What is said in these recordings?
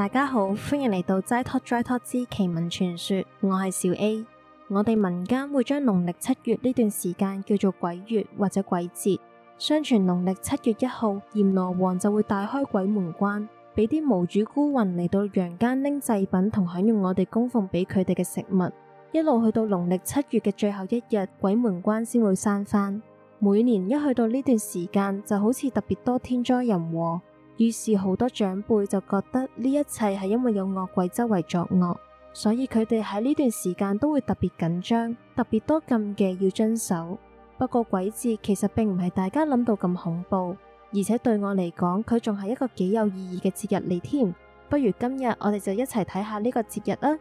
大家好，歡迎嚟到齋托齋托之奇聞傳說，我係小 A。我哋民間會將農曆七月呢段時間叫做鬼月或者鬼節。相傳農曆七月一號，閻羅王就會大開鬼門關，俾啲無主孤魂嚟到陽間拎祭品同享用我哋供奉俾佢哋嘅食物。一路去到農曆七月嘅最後一日，鬼門關先會閂返。每年一去到呢段時間，就好似特別多天災人禍。於是好多長輩就覺得呢一切係因為有惡鬼周圍作惡，所以佢哋喺呢段時間都會特別緊張，特別多禁忌要遵守。不過鬼節其實並唔係大家諗到咁恐怖，而且對我嚟講，佢仲係一個幾有意義嘅節日嚟添。不如今日我哋就一齊睇下呢個節日啦。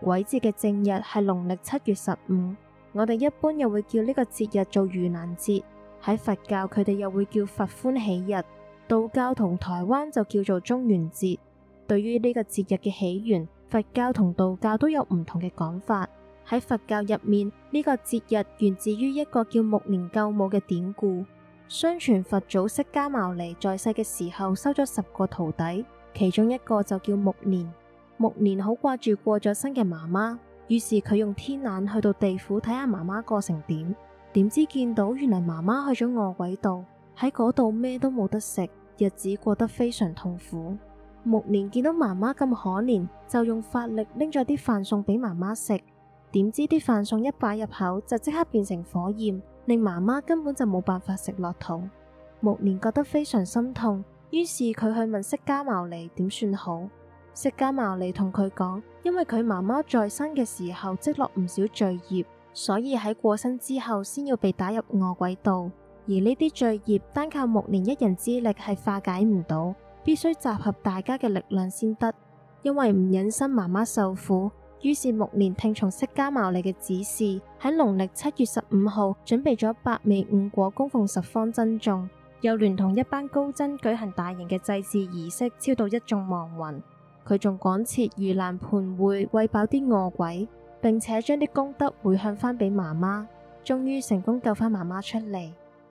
鬼節嘅正日係農曆七月十五，我哋一般又會叫呢個節日做盂蘭節，喺佛教佢哋又會叫佛歡喜日。道教同台灣就叫做中元節。對於呢個節日嘅起源，佛教同道教都有唔同嘅講法。喺佛教入面，呢個節日源自於一個叫木蓮救母嘅典故。相傳佛祖釋迦牟尼在世嘅時候收咗十個徒弟，其中一個就叫木蓮。木蓮好掛住過咗身嘅媽媽，於是佢用天眼去到地府睇下媽媽過成點。點知見到原來媽媽去咗餓鬼道，喺嗰度咩都冇得食。日子過得非常痛苦。目連見到媽媽咁可憐，就用法力拎咗啲飯送俾媽媽食。點知啲飯餸一擺入口，就即刻變成火焰，令媽媽根本就冇辦法食落肚。目連覺得非常心痛，於是佢去問釋迦牟尼點算好。釋迦牟尼同佢講，因為佢媽媽在生嘅時候積落唔少罪孽，所以喺過身之後，先要被打入餓鬼道。而呢啲罪孽單靠目連一人之力係化解唔到，必須集合大家嘅力量先得。因為唔忍心媽媽受苦，於是目連聽從釋迦牟尼嘅指示，喺農曆七月十五號準備咗百味五果供奉十方眾僧，又聯同一班高僧舉行大型嘅祭祀儀式，超度一眾亡魂。佢仲廣設盂蘭盆會，餵飽啲餓鬼，並且將啲功德回向返俾媽媽，終於成功救翻媽媽出嚟。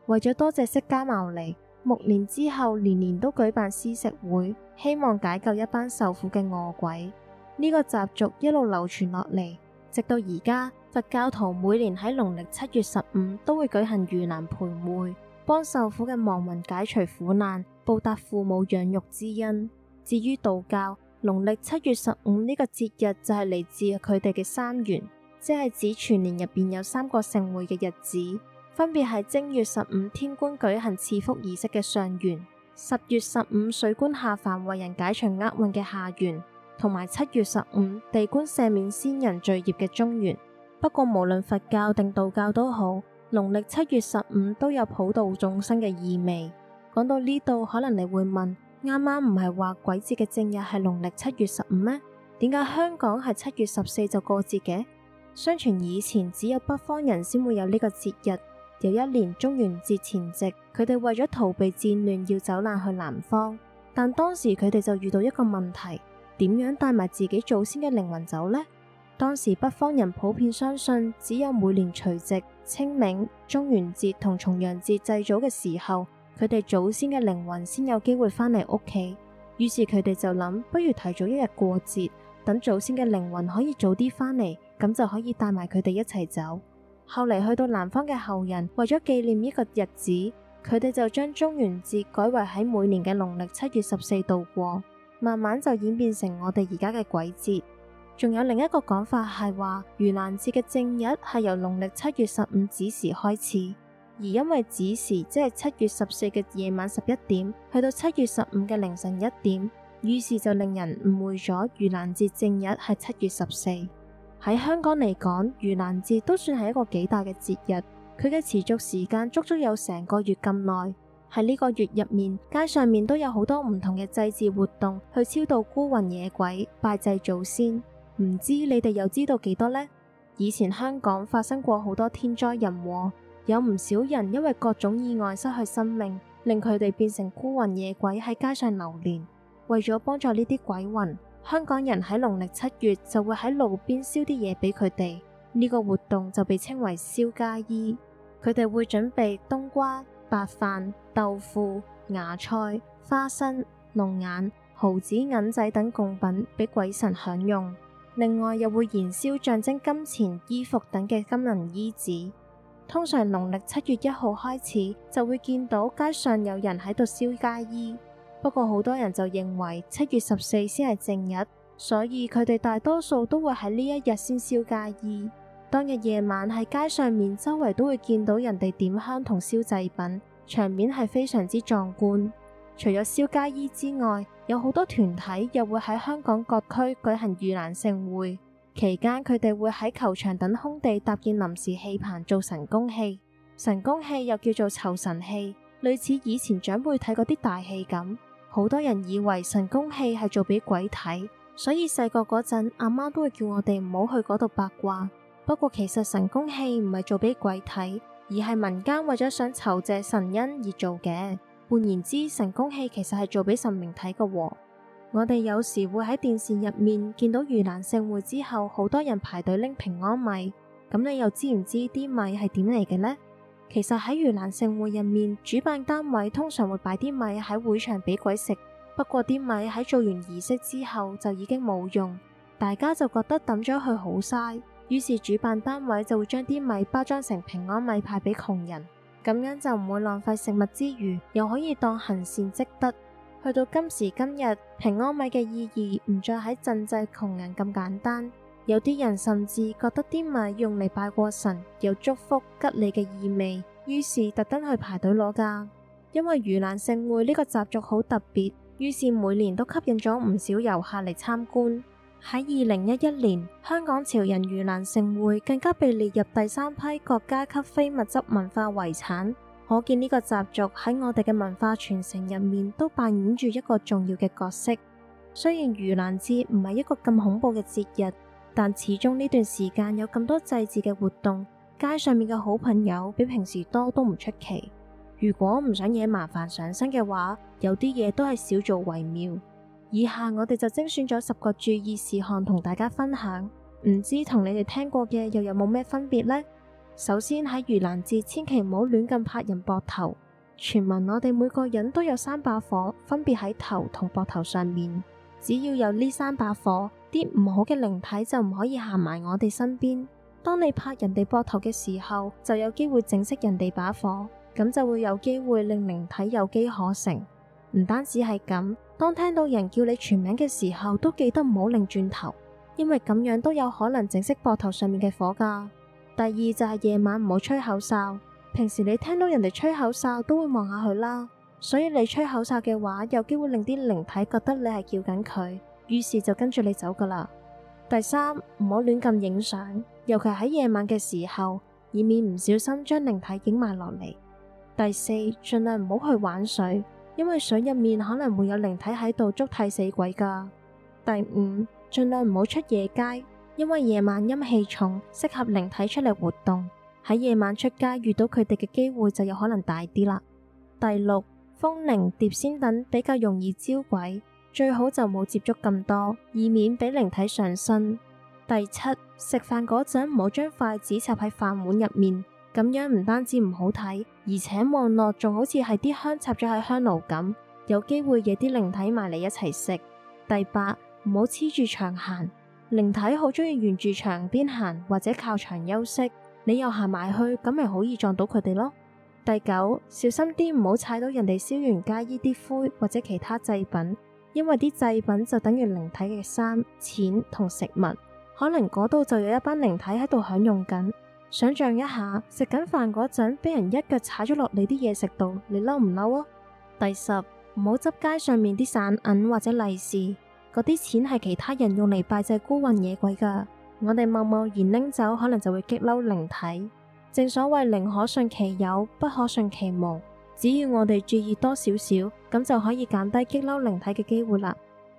為咗多謝釋迦牟尼，目連之後年年都舉辦施食會，希望解救一班受苦嘅餓鬼。呢、這個習俗一路流傳落嚟，直到而家佛教徒每年喺農曆七月十五都會舉行盂蘭盆會，幫受苦嘅亡魂解除苦難，報答父母養育之恩。至於道教，農曆七月十五呢個節日就係嚟自佢哋嘅三元，即係指全年入邊有三個盛會嘅日子。分別係正月十五天官舉行賜福儀式嘅上元，十月十五水官下凡為人解除厄運嘅下元，同埋七月十五地官赦免先人罪孽嘅中元。不過無論佛教定道教都好，農曆七月十五都有普渡眾生嘅意味。講到呢度，可能你會問：啱啱唔係話鬼節嘅正日係農曆七月十五咩？點解香港係七月十四就過節嘅？相傳以前只有北方人先會有呢個節日。有一年中元節前夕，佢哋為咗逃避戰亂，要走難去南方，但當時佢哋就遇到一個問題：點樣帶埋自己祖先嘅靈魂走呢？當時北方人普遍相信，只有每年除夕、清明、中元節同重陽節祭祖嘅時候，佢哋祖先嘅靈魂先有機會返嚟屋企。於是佢哋就諗，不如提早一日過節，等祖先嘅靈魂可以早啲返嚟，咁就可以帶埋佢哋一齊走。後嚟去到南方嘅後人，為咗紀念呢個日子，佢哋就將中元節改為喺每年嘅農曆七月十四度過，慢慢就演變成我哋而家嘅鬼節。仲有另一個講法係話，盂蘭節嘅正日係由農曆七月十五子時開始，而因為子時即係七月十四嘅夜晚十一點，去到七月十五嘅凌晨一點，於是就令人誤會咗盂蘭節正日係七月十四。喺香港嚟講，盂蘭節都算係一個幾大嘅節日，佢嘅持續時間足足有成個月咁耐。喺呢個月入面，街上面都有好多唔同嘅祭祀活動，去超度孤魂野鬼、拜祭祖先。唔知你哋又知道幾多呢？以前香港發生過好多天災人禍，有唔少人因為各種意外失去生命，令佢哋變成孤魂野鬼喺街上流連。為咗幫助呢啲鬼魂。香港人喺農曆七月就會喺路邊燒啲嘢俾佢哋，呢、這個活動就被稱為燒家衣。佢哋會準備冬瓜、白飯、豆腐、芽菜、花生、龍眼、毫子銀仔等貢品俾鬼神享用，另外又會燃燒象徵金錢、衣服等嘅金銀衣紙。通常農曆七月一號開始就會見到街上有人喺度燒家衣。不過好多人就認為七月十四先係正日，所以佢哋大多數都會喺呢一日先燒街衣。當日夜晚喺街上面周圍都會見到人哋點香同燒祭品，場面係非常之壯觀。除咗燒街衣之外，有好多團體又會喺香港各區舉行盂蘭勝會，期間佢哋會喺球場等空地搭建臨時戲棚做神功戲，神功戲又叫做酬神戲，類似以前長輩睇過啲大戲咁。好多人以為神功戲係做俾鬼睇，所以細個嗰陣阿媽都會叫我哋唔好去嗰度八卦。不過其實神功戲唔係做俾鬼睇，而係民間為咗想酬謝神恩而做嘅。換言之，神功戲其實係做俾神明睇嘅。我哋有時會喺電視入面見到盂蘭盛會之後，好多人排隊拎平安米，咁你又知唔知啲米係點嚟嘅呢？其實喺盂蘭盛會入面，主辦單位通常會擺啲米喺會場俾鬼食。不過啲米喺做完儀式之後就已經冇用，大家就覺得抌咗佢好嘥，於是主辦單位就會將啲米包裝成平安米派俾窮人，咁樣就唔會浪費食物之餘，又可以當行善積德。去到今時今日，平安米嘅意義唔再喺賑濟窮人咁簡單。有啲人甚至覺得啲米用嚟拜過神，有祝福吉利嘅意味，於是特登去排隊攞噶。因為盂蘭盛會呢個習俗好特別，於是每年都吸引咗唔少遊客嚟參觀。喺二零一一年，香港潮人盂蘭盛會更加被列入第三批國家級非物質文化遺產，可見呢個習俗喺我哋嘅文化傳承入面都扮演住一個重要嘅角色。雖然盂蘭節唔係一個咁恐怖嘅節日。但始終呢段時間有咁多祭祀嘅活動，街上面嘅好朋友比平時多都唔出奇。如果唔想惹麻煩上身嘅話，有啲嘢都係少做為妙。以下我哋就精選咗十個注意事項同大家分享，唔知同你哋聽過嘅又有冇咩分別呢？首先喺盂蘭節，千祈唔好亂咁拍人膊頭。傳聞我哋每個人都有三把火，分別喺頭同膊頭上面，只要有呢三把火。啲唔好嘅靈體就唔可以行埋我哋身邊。當你拍人哋膊頭嘅時候，就有機會整熄人哋把火，咁就會有機會令靈體有機可乘。唔單止係咁，當聽到人叫你全名嘅時候，都記得唔好擰轉頭，因為咁樣都有可能整熄膊頭上面嘅火噶。第二就係夜晚唔好吹口哨。平時你聽到人哋吹口哨都會望下佢啦，所以你吹口哨嘅話，有機會令啲靈體覺得你係叫緊佢。於是就跟住你走噶啦。第三，唔好亂咁影相，尤其喺夜晚嘅時候，以免唔小心將靈體影埋落嚟。第四，盡量唔好去玩水，因為水入面可能會有靈體喺度，捉替死鬼噶。第五，盡量唔好出夜街，因為夜晚陰氣重，適合靈體出嚟活動。喺夜晚出街遇到佢哋嘅機會就有可能大啲啦。第六，風鈴、碟仙等比較容易招鬼。最好就冇接觸咁多，以免俾靈體上身。第七，食飯嗰陣唔好將筷子插喺飯碗入面，咁樣唔單止唔好睇，而且望落仲好似係啲香插咗喺香爐咁，有機會惹啲靈體埋嚟一齊食。第八，唔好黐住牆行，靈體好中意沿住牆邊行或者靠牆休息，你又行埋去，咁咪好易撞到佢哋咯。第九，小心啲，唔好踩到人哋燒完街衣啲灰或者其他製品。因為啲祭品就等於靈體嘅衫、錢同食物，可能嗰度就有一班靈體喺度享用緊。想象一下，食緊飯嗰陣，俾人一腳踩咗落你啲嘢食度，你嬲唔嬲啊？第十，唔好執街上面啲散銀或者利是，嗰啲錢係其他人用嚟拜祭孤魂野鬼噶，我哋貿貿然拎走，可能就會激嬲靈體。正所謂，寧可信其有，不可信其無。只要我哋注意多少少，咁就可以減低激嬲靈體嘅機會啦。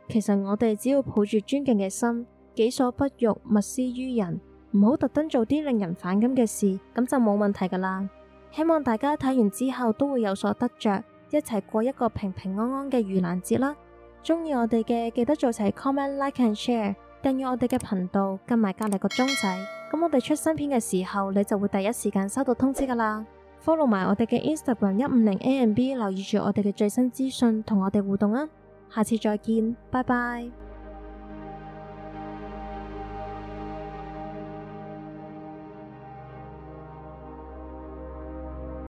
其實我哋只要抱住尊敬嘅心，己所不欲，勿施於人，唔好特登做啲令人反感嘅事，咁就冇問題噶啦。希望大家睇完之後都會有所得着，一齊過一個平平安安嘅盂蘭節啦。中意我哋嘅記得做齊 comment、like and share，訂閱我哋嘅頻道，撳埋隔籬個鐘仔，咁我哋出新片嘅時候，你就會第一時間收到通知噶啦。Follow 埋我哋嘅 Instagram 150 AMB，留意住我哋嘅最新資訊，同我哋互動啊！下次再見，拜拜。